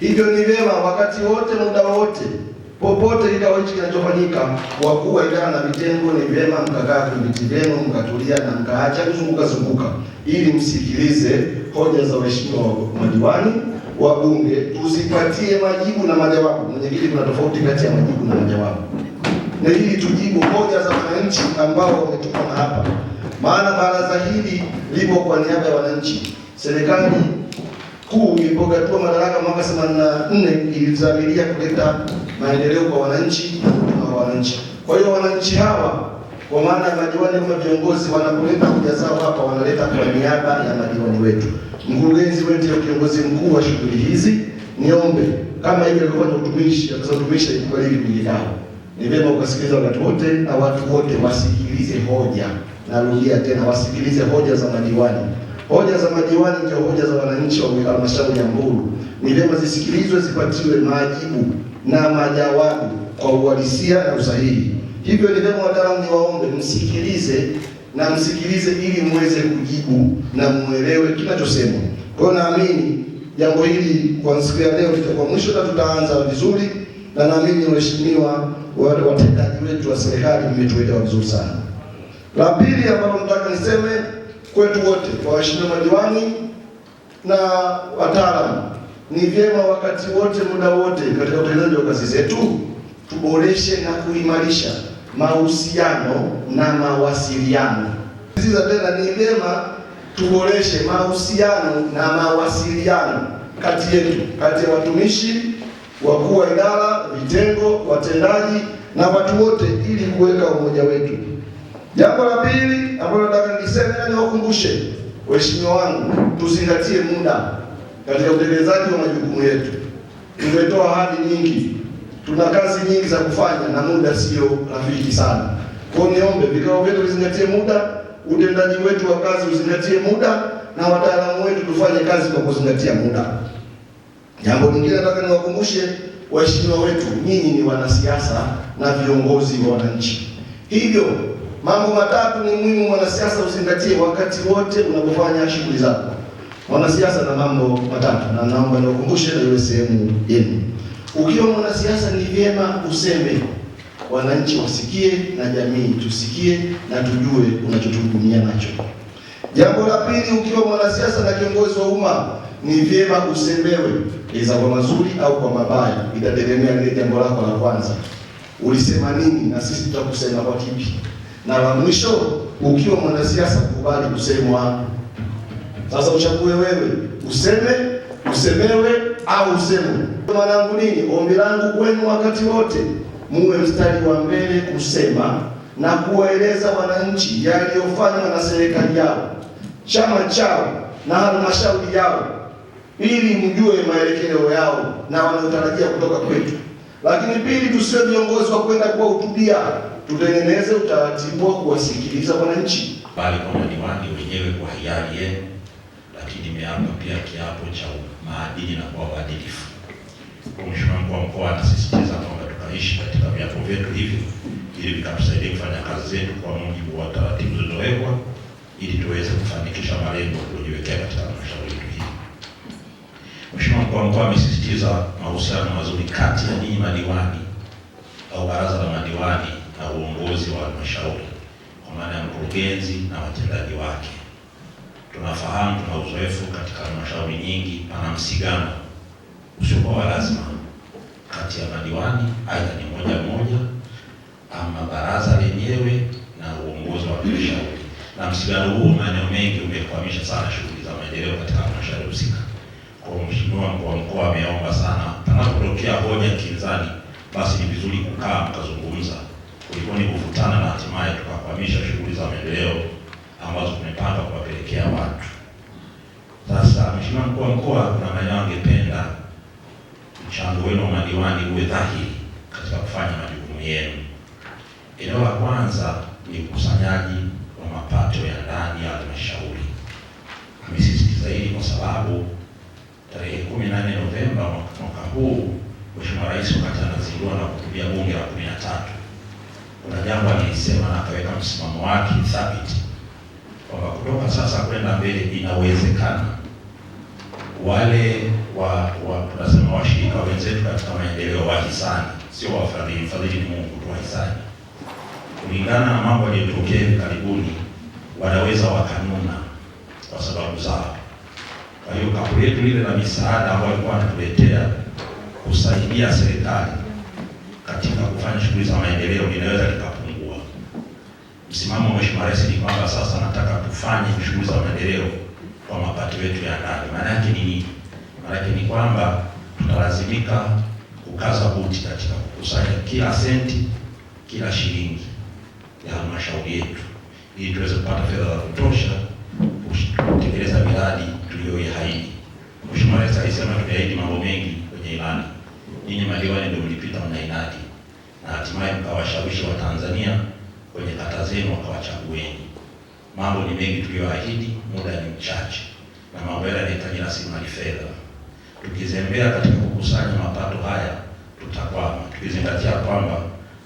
Hivyo ni vema wakati wote, muda wote, popote kikao hichi kinachofanyika, wakuu wa idara na vitengo, ni vyema mkakaa kwenye viti vyenu mkatulia na mkaacha kuzunguka zunguka, ili msikilize hoja za waheshimiwa madiwani, wabunge, tuzipatie majibu na majawabu. Mwenyekiti, kuna tofauti kati ya majibu na majawabu, na ili tujibu hoja za wananchi ambao wametokana hapa, maana baraza hili lipo kwa niaba ya wananchi. Serikali kuu ilipogatua madaraka mwaka 84 ilizamilia kuleta maendeleo kwa wananchi na wananchi. Kwa hiyo wananchi hawa kwa maana ya madiwani kama viongozi wanapoleta hoja zao hapa, wanaleta kwa niaba ya madiwani wetu. Mkurugenzi wetu ya kiongozi mkuu wa shughuli hizi. Niombe kama hivi alikuwa ni utumishi, akaza utumishi ikubali kujidao, ni vema ukasikiliza wakati wote, na watu wote wasikilize hoja. Narudia tena, wasikilize hoja za madiwani. Hoja za madiwani ndio hoja za wananchi wa halmashauri ya Mbulu, ni vyema zisikilizwe, zipatiwe majibu na majawabu kwa uhalisia na usahihi. Hivyo ni vyema wataalamu ni waombe msikilize na msikilize, ili muweze kujibu na muelewe kinachosemwa. Kwa hiyo naamini jambo hili kwa siku ya leo litakuwa mwisho na tutaanza vizuri, na naamini waheshimiwa watendaji wetu wa serikali mmetuelewa vizuri sana. La pili ambalo nataka niseme kwetu wote, kwa waheshimiwa madiwani na wataalamu, ni vyema wakati wote, muda wote, katika utekelezaji wa kazi zetu tuboreshe na kuimarisha mahusiano na mawasiliano. Sasa tena ni vyema tuboreshe mahusiano na mawasiliano kati yetu, kati ya watumishi, wakuu wa idara, vitengo, watendaji na watu wote, ili kuweka umoja wetu. Jambo la pili ambalo nataka niseme na niwakumbushe waheshimiwa wangu, tuzingatie muda katika utekelezaji wa majukumu yetu. Tumetoa ahadi nyingi, tuna kazi nyingi za kufanya na muda sio rafiki sana. Kwa hiyo niombe vikao vyetu vizingatie muda, utendaji wetu wa kazi uzingatie muda, na wataalamu wetu tufanye kazi kwa kuzingatia muda. Jambo lingine nataka niwakumbushe waheshimiwa wetu, nyinyi ni wanasiasa na viongozi wa wananchi, hivyo Mambo matatu ni muhimu mwanasiasa uzingatie wakati wote unapofanya shughuli zako. Mwanasiasa na mambo matatu, na naomba niwakumbushe na iwe sehemu yenu. Ukiwa mwanasiasa, ni vyema useme, wananchi wasikie na jamii tusikie na tujue unachotuhudumia nacho. Jambo la pili, ukiwa mwanasiasa na kiongozi wa umma, ni vyema usemewe, iza kwa mazuri au kwa mabaya, itategemea lile jambo lako la kwanza. Ulisema nini na sisi tutakusema kwa kipi na la mwisho, ukiwa mwanasiasa kubali kusemwa. Sasa uchague wewe, useme, usemewe au usemwe. Mwanangu, nini ombi langu kwenu, wakati wote muwe mstari wa mbele kusema na kuwaeleza wananchi yaliyofanywa na serikali yao, chama chao na halmashauri yao, ili mjue maelekeo yao na wanayotarajia kutoka kwetu. Lakini pili, tusiwe viongozi wa kwenda kuwahutubia, tutengeneze utaratibu wa kuwasikiliza wananchi, bali kwa madiwani wenyewe kwa hiari yenu. Lakini nimeapa pia kiapo cha maadili na kuwa waadilifu. Mheshimiwa mkuu wa mkoa anasisitiza kwamba tukaishi katika viapo vyetu hivi ili vitatusaidia kufanya kazi zetu kwa mujibu wa taratibu zilizowekwa ili tuweze kufanikisha malengo tuliyojiwekea katika halmashauri mkuu mkoa amesisitiza mahusiano mazuri kati ya ninyi madiwani au baraza la madiwani na uongozi wa halmashauri kwa maana ya mkurugenzi na watendaji wake. Tunafahamu, tuna uzoefu katika halmashauri nyingi, pana msigano usiokuwa wa lazima kati ya madiwani, aidha ni moja moja ama baraza lenyewe na uongozi wa halmashauri, na msigano huu maeneo mengi umekwamisha sana shughuli za maendeleo katika halmashauri husika. Mheshimiwa mkuu wa mkoa ameomba sana, panapotokea hoja kinzani, basi ni vizuri kukaa mkazungumza kuliko ni kuvutana na hatimaye tukakwamisha shughuli za maendeleo ambazo tumepanga kuwapelekea watu. Sasa Mheshimiwa mkuu wa mkoa, kuna maeneo angependa mchango wenu wa madiwani uwe dhahiri katika kufanya majukumu yenu. Eneo la kwanza ni ukusanyaji wa mapato ya ndani ya halmashauri. Amesisitiza hili kwa sababu tarehe 18 Novemba mwaka huu, Mheshimiwa Rais wakati anazindua na kuhutubia bunge la 13 kuna jambo alisema na akaweka msimamo wake thabiti kwamba kutoka sasa kwenda mbele inawezekana wale wa tunasema washirika wenzetu katika maendeleo wahisani, sio wafadhili. Mfadhili ni Mungu tu, wahisani kulingana na mambo yaliyotokea hivi karibuni, wanaweza wakanuna kwa sababu zao kwa hiyo kapu letu lile la misaada ambayo alikuwa anatuletea kusaidia serikali katika kufanya shughuli za maendeleo linaweza likapungua. Msimamo wa Mheshimiwa Rais ni kwamba sasa nataka tufanye shughuli za maendeleo kwa mapato yetu ya ndani. Maana yake ni nini? Maana yake ni kwamba tutalazimika kukaza buti katika kukusanya kila senti, kila shilingi ya halmashauri yetu ili tuweze kupata fedha za kutosha kutekeleza miradi mlioiahidi. Mheshimiwa Rais alisema tumeahidi mambo mengi kwenye ilani, ninyi madiwani ndio mlipita mnainadi na hatimaye mkawashawishi Watanzania kwenye kata zenu wakawachagueni. Mambo ni mengi tuliyoahidi, muda ni mchache na mambo yale yanahitaji rasilimali fedha. Tukizembea katika kukusanya mapato haya tutakwama, tukizingatia kwamba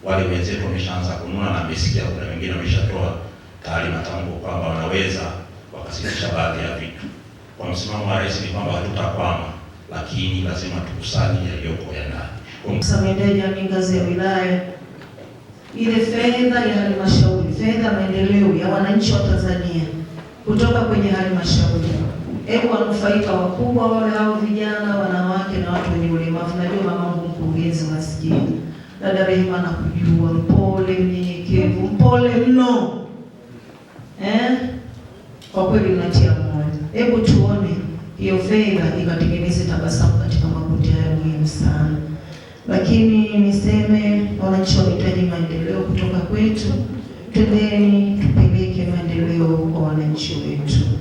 wale wenzetu wameshaanza kununua na amesikia kuna wengine wameshatoa tayari matamko kwamba wanaweza wakasitisha baadhi ya vitu kwa msimamo wa rais ni kwamba hatutakwama, lakini lazima tukusanye yaliyoko ya ndani. Msamaendae jamii ngazi ya wilaya, ile fedha ya halmashauri, fedha ya maendeleo ya wananchi wa Tanzania kutoka kwenye halmashauri, hebu wanufaika wakubwa wale hao vijana, wanawake na watu wenye ulemavu. Najua mamangu mkurugenzi masikini dada Rehema nakujua, mpole mnyenyekevu, mpole mno eh? Kwa kweli unatia moyo. Hebu hiyo fedha ikatengeneze tabasamu katika makundi haya muhimu sana. Lakini niseme wananchi wanahitaji maendeleo kutoka kwetu, tendeni tupeleke maendeleo kwa wananchi wetu.